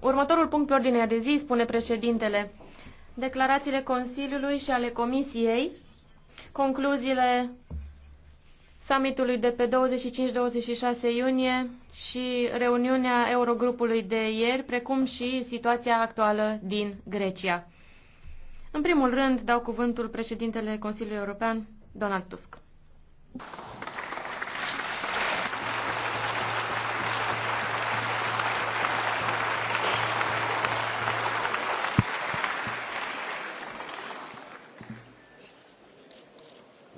Următorul punct pe ordinea de zi, spune președintele, declarațiile Consiliului și ale Comisiei, concluziile summitului de pe 25-26 iunie și reuniunea Eurogrupului de ieri, precum și situația actuală din Grecia. În primul rând, dau cuvântul președintele Consiliului European, Donald Tusk.